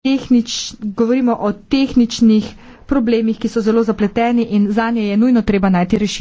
tehnič, govorimo o tehničnih problemih, ki so zelo zapleteni in za nje je nujno treba najti rešitev.